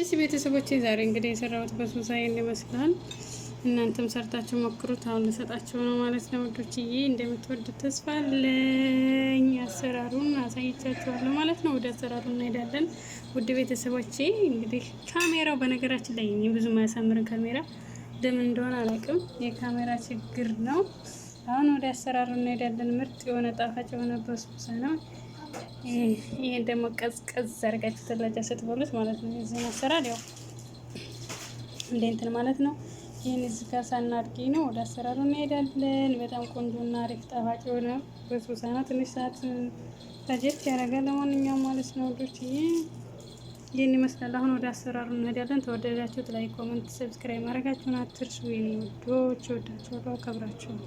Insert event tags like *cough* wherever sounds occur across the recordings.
እሺ ቤተሰቦች ዛሬ እንግዲህ የሰራሁት በሱሳይን ይመስላል። እናንተም ሰርታችሁ ሞክሩት። አሁን ልሰጣቸው ነው ማለት ነው ውዶችዬ፣ እንደምትወዱት ተስፋ አለኝ። አሰራሩን አሳይቻችኋለሁ ማለት ነው። ወደ አሰራሩ እንሄዳለን ውድ ቤተሰቦች እንግዲህ ካሜራው በነገራችን ላይ እኔ ብዙ ማያሳምርን ካሜራ ለምን እንደሆነ አላውቅም፣ የካሜራ ችግር ነው። አሁን ወደ አሰራሩ እንሄዳለን። ምርጥ የሆነ ጣፋጭ የሆነ በሱሳ ነው። ይህን ደግሞ ቀዝቀዝ አድርጋችሁ ተላጃ ስትበሉት ማለት ነው። የዚህን አሰራር ያው እንደ እንትን ማለት ነው። ይህን እዚህ ጋር ሳናድቂ ነው ወደ አሰራሩ እንሄዳለን። በጣም ቆንጆና አሪፍ ጣፋጭ የሆነ በሱሳ ነው። ትንሽ ሰዓት ታጀት ያደርጋል። ለማንኛውም ማለት ነው ወዶች ይህን ይመስላል። አሁን ወደ አሰራሩ እንሄዳለን። ተወደዳችሁት፣ ላይ ኮመንት፣ ሰብስክራይብ ማድረጋችሁን አትርሱ። ወይም ወዶች ወዳችኋለሁ፣ አከብራችኋለሁ።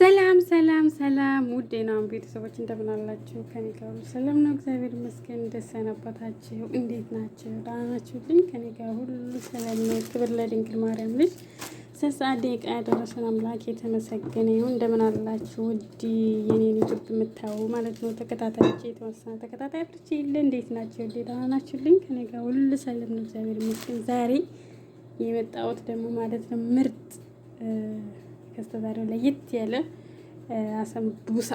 ሰላም ሰላም ሰላም ውዴና ቤተሰቦች እንደምን አላችሁ? ከኔ ጋር ሁሉ ሰላም ነው፣ እግዚአብሔር ይመስገን። እንደሰነበታችሁ እንዴት ናችሁ? ደህና ናችሁልኝ? ከኔ ጋር ሁሉ ሰላም ነው። ክብር ለድንግል ማርያም ልጅ ሰዓት ደቂቃ ያደረሰን አምላክ የተመሰገነ ይሁን። እንደምን አላችሁ? ውድ የኔን ዩቱብ የምታዩ ማለት ነው ተከታታዮች፣ የተወሰነ ተከታታዮች የለ እንዴት ናቸው? ደህና ናችሁልኝ? ከኔ ጋር ሁሉ ሰላም ነው፣ እግዚአብሔር ይመስገን። ዛሬ የመጣሁት ደግሞ ማለት ነው ምርጥ ከስተዛሬው ለየት ያለ አሰንቡሳ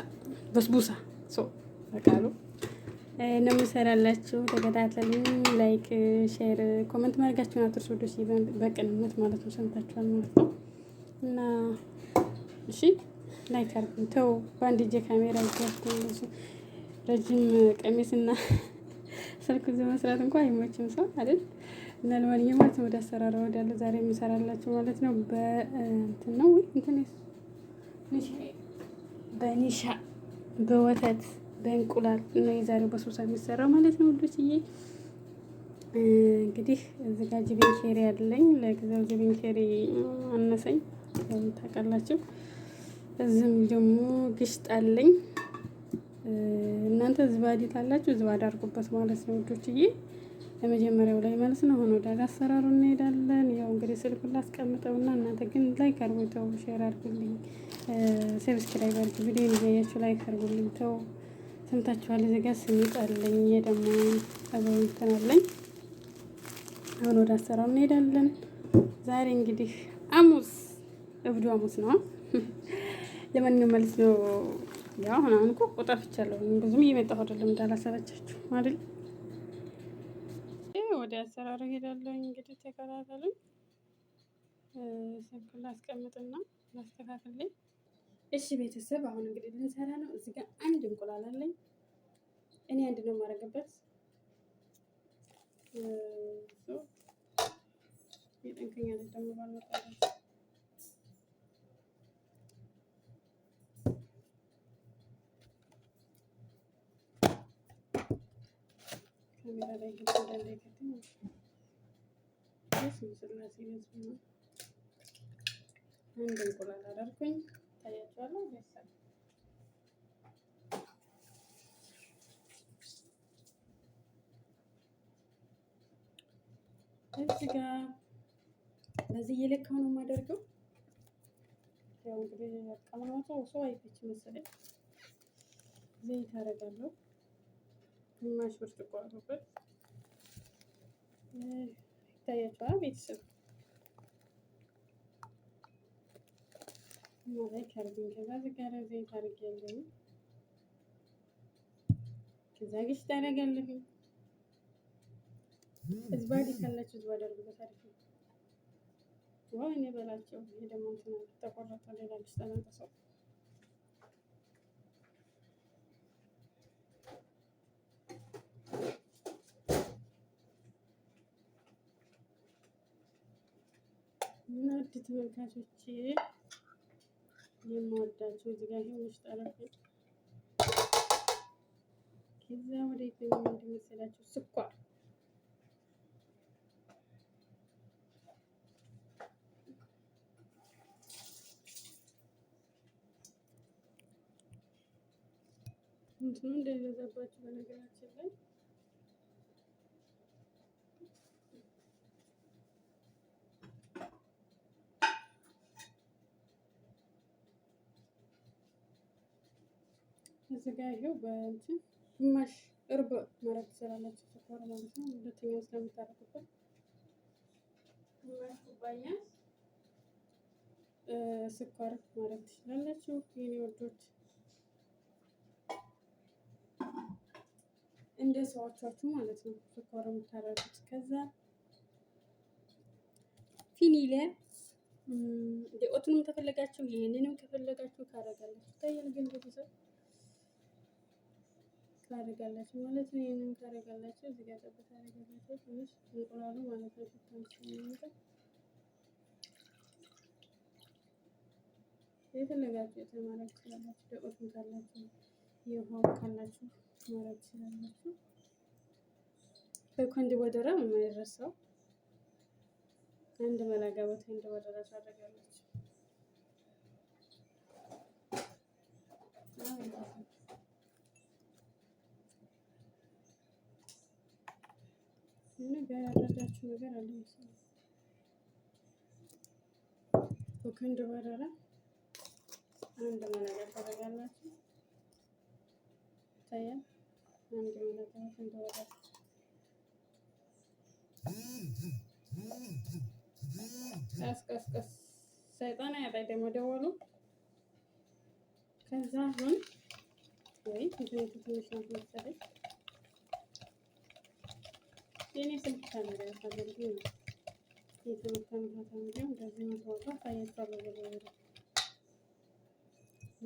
በስቡሳ ሶ በቃሉ ነው የምሰራላችሁ። ተከታተሉኝ። ላይክ፣ ሼር፣ ኮመንት ማድረጋችሁን አትርሱ። ወደስ በቅንነት ማለት ነው ሰምታችኋል ማለት ነው እና እሺ ላይክ አድርጉኝ። ተው በአንድ እጄ ካሜራ ይዛችሁ ረጅም ቀሚስና *laughs* ስልክ መስራት እንኳን አይመችም ሰው አይደል? እና ለማንኛውም ማለት ወደ አሰራር ወዳለ ዛሬ የሚሰራላችሁ ማለት ነው በእንትን ነው ወይ እንትን በኒሻ በወተት በእንቁላል ነው የዛሬው በሶሳ የሚሰራው ማለት ነው። ሁሉ ስዬ እንግዲህ እዚህ ጋር ጅብን ኬሪ አለኝ። ለጊዜው ጅብን ኬሪ አነሰኝ ታውቃላችሁ። እዚህም ደግሞ ግሽጥ አለኝ። እናንተ ዝባድ ታላችሁ ዝባድ አድርጉበት ማለት ነው ውዶችዬ። ለመጀመሪያው ላይ ማለት ነው። አሁን ወደ አሰራሩ እንሄዳለን። ያው እንግዲህ ስልኩን ላስቀምጠውና እናንተ ግን ላይክ አድርጉኝ፣ ተው ሼር አርጉልኝ፣ ሰብስክራይብ አድርጉ፣ ቪዲዮ እያያችሁ ላይክ አድርጉልኝ። ተው ሰምታችኋል። እዚህ ጋር ስም ይጣልኝ፣ ይሄ ደግሞ አብሮ አሁን ወደ አሰራሩ እንሄዳለን። ዛሬ እንግዲህ አሙስ እብዱ አሙስ ነው። ለማንኛውም ማለት ነው ያው አሁን አሁን እኮ ቆጣፍቻለሁ ብዙም እየመጣሁ አይደለም እንዳላሰበቻችሁ አይደል? ወደ አሰራሩ ሄዳለሁ። እንግዲህ ተከታተሉኝ። ስልኩን ላስቀምጥና ላስተካክልኝ። እሺ ቤተሰብ፣ አሁን እንግዲህ ልንሰራ ነው። እዚህ ጋር አንድ እንቁላል አለኝ። እኔ አንድ ነው የማደርግበት። የጠንከኛ ደግሞ ባልመጣ ካሜራ ላይ ገብቶ እንዳይከትም ስ ምስላሴ ህዝብ ነው። አንድ እንቁላል አደርኩኝ ታያቸዋለሁ። ደሳል እዚህ ጋር በዚህ እየለካው ነው የማደርገው። ያው እንግዲህ ቀምናቸው ሰው አይቶች መሰለኝ ዘይት አደርጋለሁ። ግማሽ ብርጭቆ አድርጉበት። ይታያቸዋል ቤተሰብ እና ላይ ከዛ ዝጋረ ዘይት አድርጌያለሁ። ከዛ ግሽት አደርጋለሁ። እዝባድ ካላችሁ እዝባድ አድርጉበት። አሪፍ ነው። ውሃ እኔ በላቸው። ይሄ ደግሞ እንትን ተቆረጠ ሌላ ግሽት አናንጠሰው ውድ ተመልካቾቼ የምወዳቸው እዚህ ጋር ይሄን ጠረፍ ከዛ ወደ ኢትዮጵያ እንደመሰላችሁ ስኳር እንትኑ እንደሚበዛባችሁ በነገራችን ላይ እዚህ ጋር በእንትን ግማሽ እርብ ማለት ትችላላችሁ፣ ስኳር ማለት ነው። ሁለተኛው ስለምታረጉበት ግማሽ ኩባያ ስኳር ማለት ትችላላችሁ። የኔ ወዶች እንደ ሰዋቻችሁ ማለት ነው ስኳር የምታረጉት። ከዛ ፊኒለ ኦትንም ከፈለጋችሁ ይህንንም ከፈለጋችሁ ታደርጋላችሁ። ይታያል ግን ሰው ታደርጋላችሁ ማለት ነው። ይህንን ታደርጋላችሁ እዚህ ጋር ጠብ ታደርጋላችሁ ትንሽ እንቁላሉ ማለት ነው። የተለያችሁ ማድረግ ትችላላችሁ። ደቆትም ካላችሁ የውሃው ካላችሁ ማድረግ ትችላላችሁ። ከኮንድ ቦደራ የማይረሳው አንድ መላጋ እንደ ቦደራ ታደርጋላችሁ። ምንም ያልረዳችሁ ነገር አለ መሰለኝ። በክንድ በረራ አንድ መነገር ታደርጋላችሁ። ይታያል። አንድ መነገር በክንድ በረራ ቀስቀስቀስ ሰይጣን ያጣይ ደግሞ ደወሉ። ከዛ አሁን ወይ ትንሽ ትንሽ ናት መሰለኝ የኔ ስልክ ካሜራ ያሳደርጉ ነው የትምህርት ተምታት እንዲሁም እንደዚህ መስዋዕቷ ታያቸዋለ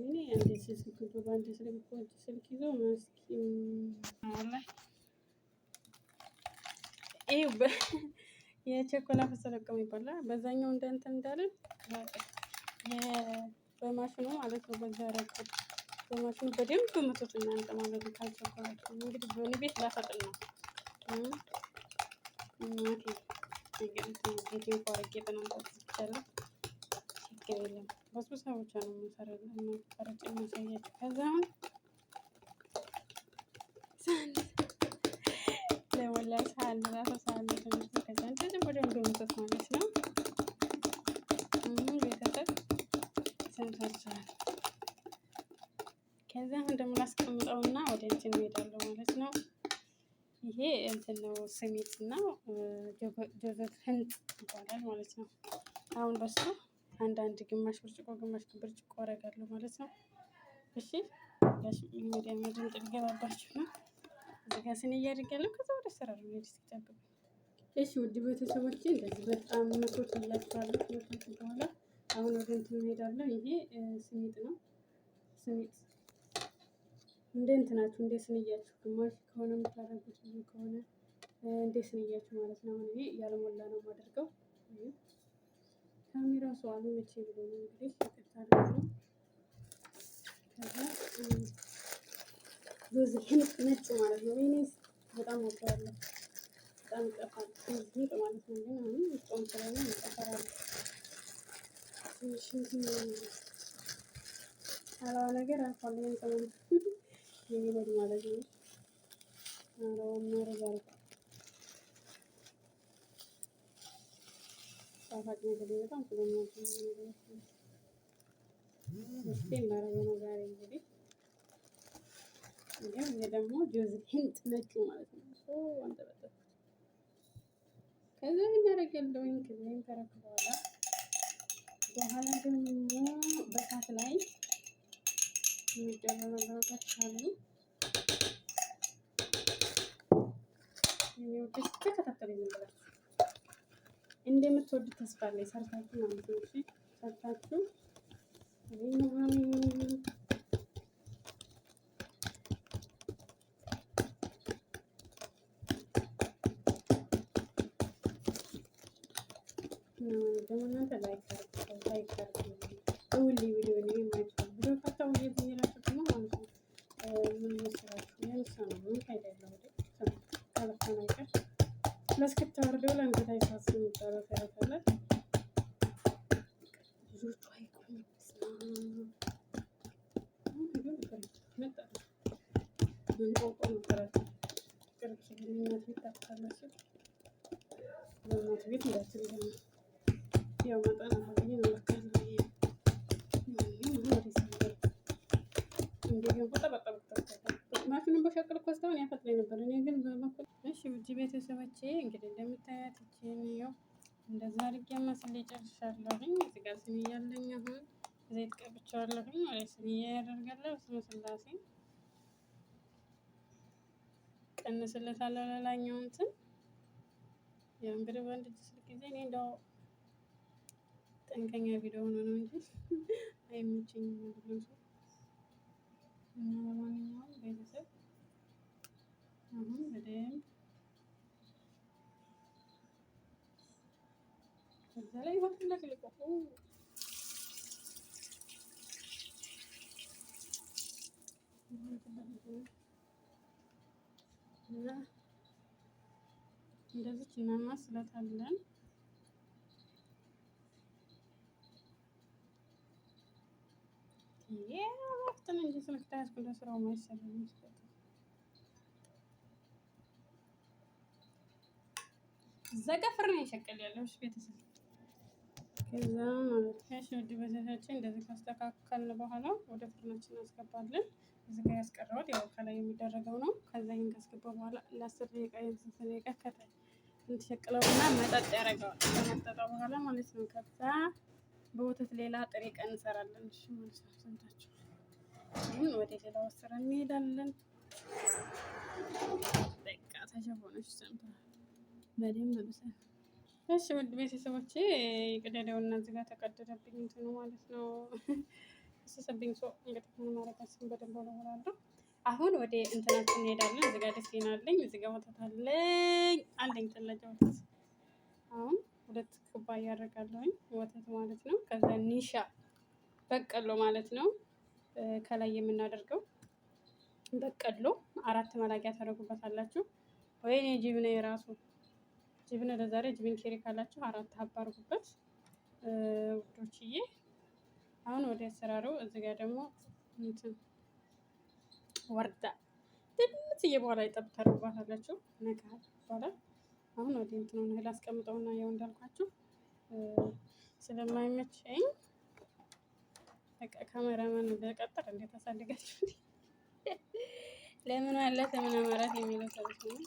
እኔ አንድ ስልክ በአንድ ስልክ በአንድ ስልክ ይዞ መስኪ አላ ይህ *laughs* የቸኮላ ፈሰለ ይባላል። በዛኛው እንደንተ እንዳለን በማሽኑ ማለት ነው። በዛ ረቀት በማሽኑ በደንብ ምጡት እናንተ ማለት ነው። ካልቸኮላችሁ እንግዲህ በእኔ ቤት ላፈጥን ነው። ችግር የለም። በስብሳ ብቻ ነው የምንሰራው እና ቀረጭ የሚያሳያቸው ለሞላ ሰዓት ራሱ ሰዓት ትምህርት ከዛ ወዲያው ገምቶት ማለት ነው ቤተሰብ ሰምታችኋል። ከዛ አሁን ደግሞ ላስቀምጠውና ወደ እንትን እንሄዳለሁ ማለት ነው። ይሄ እንትን ነው ስሜት እና ጆዘት ህንጥ ይባላል ማለት ነው። አሁን በሱ አንዳንድ ግማሽ ብርጭቆ ግማሽ ብርጭቆ አደርጋለሁ ማለት ነው። እሺ ወደ መድን ጥልገባባችሁ ነው እዚህ ጋር ስን እያደርጋለሁ ከዛ ወደ ስራ ነው ሄድ ሲጠብቅ። እሺ ውድ ቤተሰቦቼ እንደዚህ በጣም መቶት እላችኋለሁ። ከመቶት በኋላ አሁን ወደ እንትን እሄዳለሁ። ይሄ ስሜት ነው ስሜት እንደ ናችሁ እንደ ስንያችሁ ግማሽ ከሆነ የምታደርጉት ብዙ ከሆነ እንደ ስንያችሁ ማለት ነው። አሁን እኔ ያልሞላ ነው የማደርገው። ካሜራ ሰው አልመቼ ብሎ ነው እንግዲህ ይቅርታ አድርጉ። ከዛ ሩዝ ነጭ ማለት ነው። ሜኔስ በጣም ወደዋለሁ። በጣም ይጠፋል ነጭ ማለት ነው። ግን አሁን ውስጦን ስለሆነ ይጠፈራል። ትንሽ ነገር አልፏል። የሚበሉ ማለት ነው። አረዋና ረዛርኩ ጣፋጭ ነገር በጣም ስለሚወዱ ነገሮች እስቲ ማረገ ነው ዛሬ እንግዲህ ይሄም ደግሞ ጆዝ ሂንት ነጩ ማለት ነው። ሶ አንተበጠ ከዛ እናደርግ ከዚህም ተረክ በኋላ በኋላ ደግሞ በሳት ላይ የሚደረጉ ነገሮች አሉ። የሚወዱት ተከታተሉ ይዘንብላችሁ እንደምትወዱት ተስፋ አለኝ። ሰርታችሁ ማለት ነው። እሺ ሰርታችሁ ደግሞ እናንተ ላይክ ላይክ እንቆጦ ነበራቸው ቅርብ እናት ቤት ታውቃለች። በእናት ቤት እንዳትል ያው መጠን አሁን ይመለካል እንደዚህም ማሽኑን በሸቅል ኮስተውን ያፈጥሬ ነበር። እኔ ግን ውድ ቤተሰቦቼ እንግዲህ እንደምታያት ይችን ያው እንደዛ አድርጌ መስል ጨርሻለሁኝ። እዚህ ጋር ስኒ ያለኝ አሁን ዘይት ቀብቼዋለሁኝ ማለት ስኒ ያደርጋለሁ ስመስላሴ እቀንስለታለሁ ለላኛው እንትን ያው እንግዲህ ወንድ እጅ ስልክ ጊዜ እኔ እንደው ጠንቀኛ ቪዲዮ ሆኖ ነው እንጂ *laughs* አይመቸኝም ሁሉም ሰው እና ለማንኛውም ቤተሰብ አሁን በደንብ ከዛ ላይ ወጥነት ልቆቁ Thank you. ከዛ እንደዚህ እናማስለታለን። ይሄን እንጂ ስለክታስ ስራው ማይሰራም ይችላል። እዛ ጋር ፍርን ይሸቀል ያለው ቤተሰብ ከዛ ማለት ከሽ ውድ ቤተሰቦች እንደዚህ ካስተካከልን በኋላ ወደ ፍርናችን እናስገባለን። እዚህ ጋር ያስቀረዋል። ያው ከላይ የሚደረገው ነው። ከዛ ይህን ካስገባ በኋላ ለአስር ደቂቃ የስንት ደቂቃ ከታች እንትሸቅለውና መጠጥ ያደርገዋል። ከመጠጣ በኋላ ማለት ነው። ከዛ በወተት ሌላ ጥሬ ዕቃ እንሰራለን። እሺ ማለት ነው። ሰምታችሁ ይህን ወደ ሌላው ስራ እንሄዳለን። በቃ ተሸፈነች ሰምታ በደንብ ብሰል እሺ ውድ ቤተሰቦቼ፣ ቅደዳውና እዚህ ጋር ተቀደደብኝ እንትኑ ማለት ነው። ስስብኝ ሰው እንግዲህ ምን ማድረጋችን በደንብ ሆነሆናለሁ። አሁን ወደ እንትናችን እንሄዳለን። እዚጋ ደሴና አለኝ፣ እዚጋ ወተት አለኝ አለኝ ጠለጃ ወተት። አሁን ሁለት ኩባ እያደረጋለሁኝ ወተት ማለት ነው። ከዛ ኒሻ በቀሎ ማለት ነው። ከላይ የምናደርገው በቀሎ አራት መላቂያ ታደርጉበታላችሁ። ወይኔ ጅብነ የራሱ ጅብነ ለዛሬ ጅብን ኬሪ ካላችሁ አራት ሀብ አድርጉበት ውዶችዬ አሁን ወደ አሰራሩ እዚህ ጋር ደግሞ እንትን ወርዳ ትንሽ እየበኋላ ይጠብ ታደርጓታላችሁ ነካ ይባላል። አሁን ወደ እንትኑ ነው ላስቀምጠውና ያው እንዳልኳችሁ ስለማይመቸኝ በቃ ካሜራማን በቀጠር እንዴት አሳድጋችሁ ለምን አለ ለምን አማራት የሚለው ሰው ነው።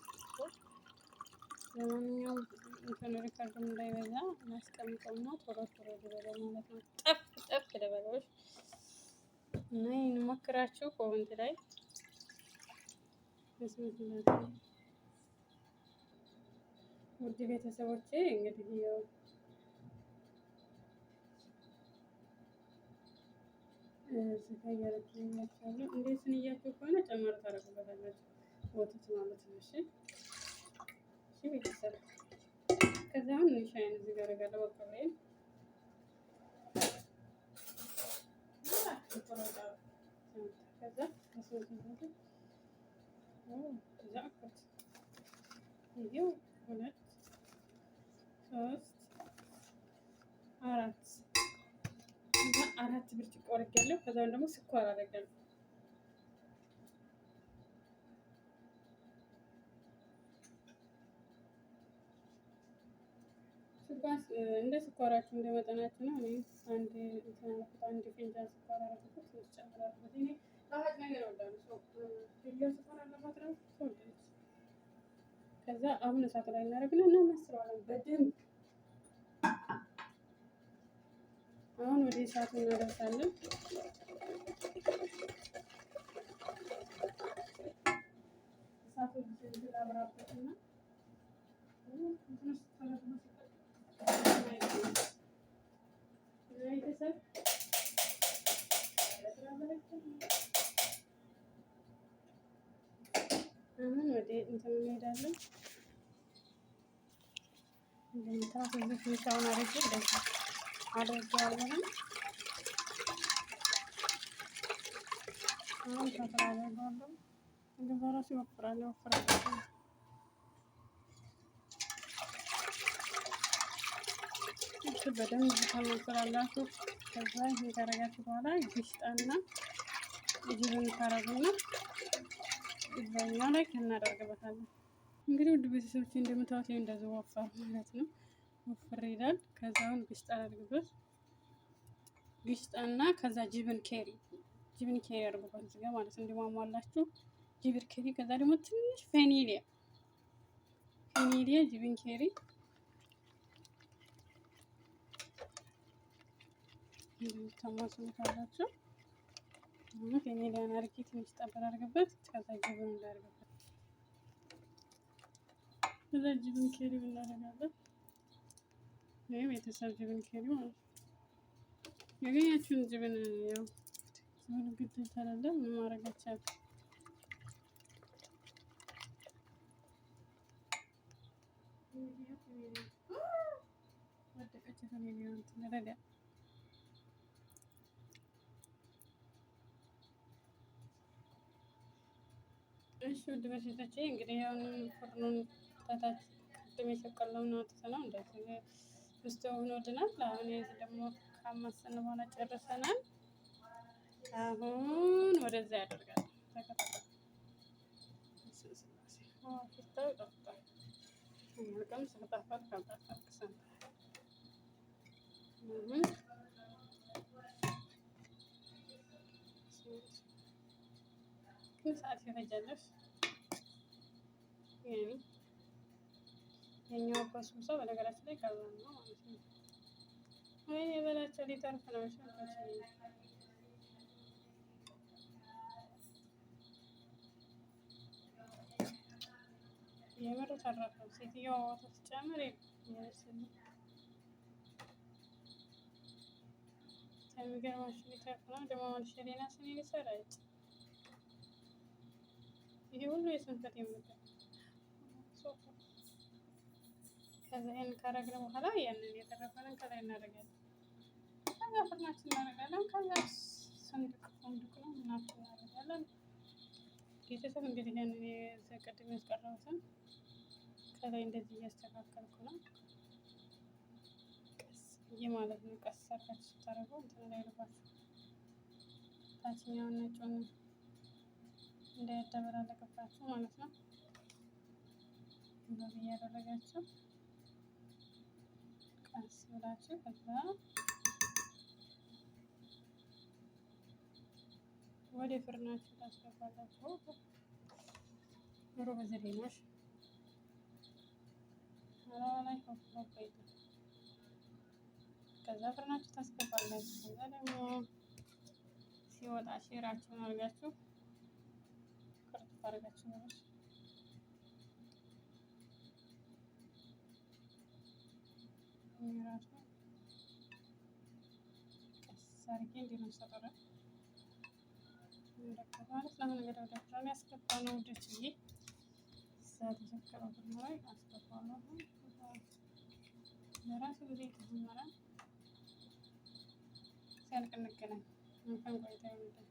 ለማንኛውም እንትን ሪከርድም እንዳይበዛ ቶሎ ቶሎ ማለት ነው። ጠፍ ጠፍ ልበለዎች እና ይህን ሞክራችሁ ኮመንት ላይ ውድ ቤተሰቦቼ እንግዲህ ያው እንዴት ስንያችሁ ከሆነ ጨመር ታደርጉበታላችሁ ወተት ማለት ነው። እሺ ቤተሰብ ከዚያ አሁን ሻይን እዚህ ጋር አደርጋለሁ። በቃ ላይ ሁለት ሶስት አራት አራት ብርጭቆ አደርጋለሁ። ከዚያ ደግሞ ስኳር አደርጋለሁ። እንደ ስኳራችሁ እንደ መጠናችሁ ነው። እኔ አንድ አንድ ፊንጃን ስኳር አረግበት ሶስት እኔ ጣፋጭ ነገር ወዳሉ ሰው ፊንጃን ስኳር አለባት ከዛ አሁን እሳት ላይ እናደርግና እናመስለዋለን በደንብ። አሁን ወደ እሳቱ እናደርሳለን። እሳቱ ላብራበትና ትንሽ አሁን ወደ እንትን እንሄዳለን። እንደምታውቁ እዚህ ሚቃውን አድርጌ እንደዚህ አድርጌዋለሁ። አሁን ተፈራረጋለሁ። እንደበራሱ ይወፍራል ይወፍራል አድርጋችሁ በደንብ ተሞክራላችሁ። ከዛ ይሄ ካረጋችሁ በኋላ ግሽጣና እጅብን ታረጉና እዛኛው ላይ እናደርግበታለን። እንግዲህ ውድ ቤተሰቦች እንደምታዩት እንደዚህ ወፋር ማለት ነው፣ ወፍር ይላል። ከዛውን ግሽጣ አድርግበት፣ ግሽጣና ከዛ ጅብን ኬሪ ጅብን ኬሪ አድርጉበት እዚጋ ማለት ነው። እንዲሟሟላችሁ ጅብን ኬሪ፣ ከዛ ደግሞ ትንሽ ፌኒሊያ ፌኒሊያ ጅብን ኬሪ ተሟስሉት አላችሁ እኔ ላን አርጌ ትንሽ ጠበር አርግበት ከዛ ጅብን እንዳርግበት ከዛ ጅብን ኬሪ እናደርጋለን። ይህ ቤተሰብ ጅብን ኬሪ ማለት ያገኛችሁን ጅብን ያው ሆን ግድ ተላለ ምን ማድረግ ይቻላል። ወደቀች ተሜሊዮን ትንረዳ እሺ ውድ በሴቶቼ እንግዲህ ያሁን ፍርኑን ታታች ቅድም የሸቀለውን አውጥተናል። እንደዚህ ውስጥ ሆኖልናል። አሁን ይህ ደግሞ ካማሰን በኋላ ጨርሰናል። አሁን ወደዛ ያደርጋል። ተከታታይ ረጅም ሰዓት ይፈጃለሽ። ያኔ የኛው ኮስምሶ በነገራችን ላይ ቀላል ነው ማለት ነው። አይ የበላቸው ሊጠርፍ ነው። የምር ተረፈ። ሴትዮዋ ወተት ጨምር ይመስል ከሚገርማችሁ ሊተርፍ ነው ደግሞ ማንሽሌና ስኔ ሊሰራጭ ይሄ ሁሉ የስንፈት የምትል ከዛ ይሄን ካረግን በኋላ ያንን የተረፈንን ከላይ እናደርጋለን። ከዛ ፍርናችን እናደርጋለን። ከዛ ሰንድቅ ሰንድቅ ነው ምናምን እናደርጋለን። ቤተሰብ እንግዲህ ያንን የዘቀድም ያስቀረቡትን ከላይ እንደዚህ እያስተካከልኩ ነው። ቀስ ይህ ማለት ነው። ቀስ አርጋችሁ ስታደርጉ እንትን ላይ ልባችሁ ታችኛውን ነጭ እንዳያደበላለቅባችሁ ማለት ነው። እንደዚህ እያደረጋችሁ ቀስ ብላችሁ ከዛ ወደ ፍርናችሁ ታስገባላችሁ። ሩብ ዝሬኖች ላይ ኮፍኮፍ ከዛ ፍርናችሁ ታስገባላችሁ። ከዛ ደግሞ ሲወጣ ሽራችሁን አድርጋችሁ አድርጋችሁ ማለት ራሱ ቀስ አድርጌ እንዲህ ነው ሰጠረ ማለት ለምን እንግዲህ ወደ ያስገባ ነው ውደች ዬ እዛ ተሸከረው ብንላይ አስገባ ነው ለራሱ ጊዜ ተጀመረ ሲያልቅ እንገናኝ መልካም ቆይታ ይሆንልን።